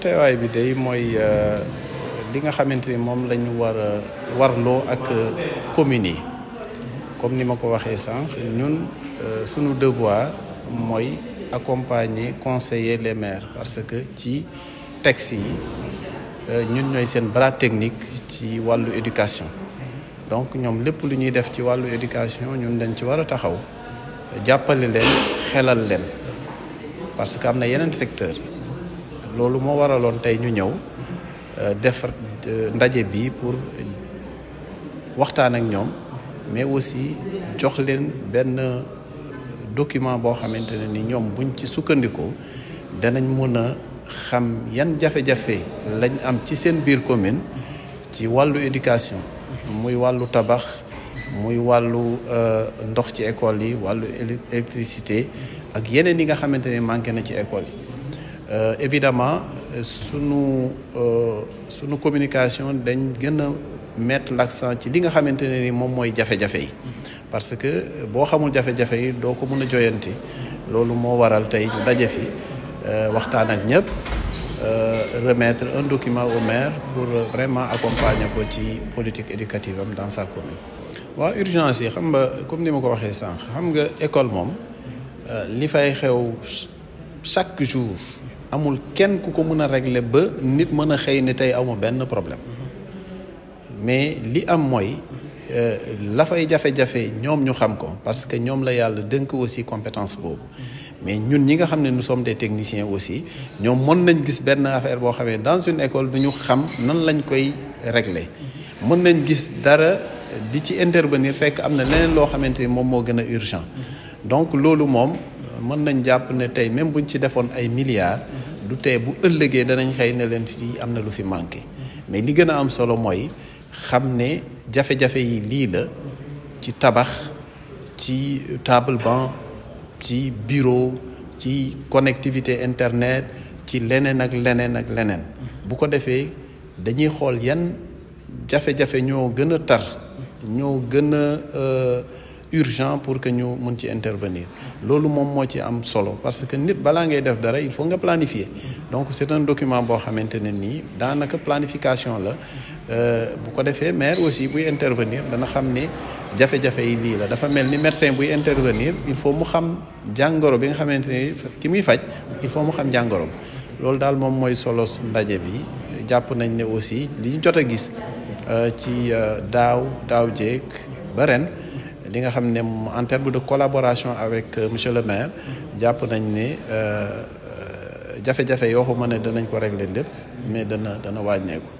teewaay bi day mooy euh, li nga xamante ni moom la ñu war a warloo ak euh, communes yi comme ni ma ko waxee sànq ñun euh, suñu devoir mooy accompagner conseiller les maires parce que ci texte yi ñun ñooy seen bras technique ci wàllu éducation donc ñoom lépp lu ñuy def ci wàllu éducation ñun dañ ci war a taxaw jàppale leen xelal leen parce que am na yeneen secteur loolu moo waraloon tey ñu ñëw euh, def euh, ndaje bi pour waxtaan ak ñoom mais aussi jox leen benn euh, document boo xamante ne ni ñoom buñ ci sukkandikoo danañ mën xam yan jafe-jafe lañ am ci seen biir commune ci wàllu éducation muy wàllu tabax muy wàllu ndox ci école yi wàllu électricité ak yeneen yi nga xamante ne manqué na ci école Euh, évidemment euh, sunu euh, sunu communication communications, gën a mettre l'accent ci li nga xamante ne ni moom mooy parce que euh, boo xamul jafe-jafe yi doo ko mën a joyanti loolu moo waral tey ñu daje fi waxtaan ak ñëpp remettre un document au maire pour vraiment accompagner la politique éducative dans sa commune. waaw urgence xam comme ni ma ko waxee sànq xam nga école li fay xew chaque jour amul kenn ku ko a régler ba nit mën a ni tey problème mais li am euh, la fay jafe-jafe ñoom ñu xam parce que Nous la aussi des compétences. mais nous sommes des techniciens aussi ñoom mën nañ gis affaire dans une école du ñu xam nan lañ koy régler intervenir leneen urgent donc mën nañ jàpp ne tey même buñ ci defoon ay milliards du tee bu ëllëgee danañ xëy ne leen fii am na lu fi manqué mais li gën a am solo mooy xam ne jafe-jafe yi lii la ci tabax ci table banc ci bureau ci connectivité internet ci leneen ak leneen ak leneen bu ko defee dañuy xool yan jafe-jafe ñoo gën a tar ñoo gën a euh, urgent pour que ñu mën ci intervenir loolu moom moo ci am solo parce que nit balaa ngay def dara il faut nga planifier donc c' est un document boo xamante ne nii daanaka planification la euh, bu ko defee maire aussi buy intervenir dana xam ne jafe-jafe yi lii la dafa mel ni médecin buy intervenir il faut mu xam jàngoro bi nga xamante ne ki muy faj il faut mu xam jàngoro loolu daal moom mooy solo ndaje bi jàpp nañ ne aussi li ñu jot a gis euh, ci euh, daaw daaw jéeg ba ren li nga xam ne en de collaboration avec euh, monsieur le jàpp nañ ni euh, euh, jafe-jafe yoo xamante ne danañ ko régler lépp mais dana dana wàññeeku.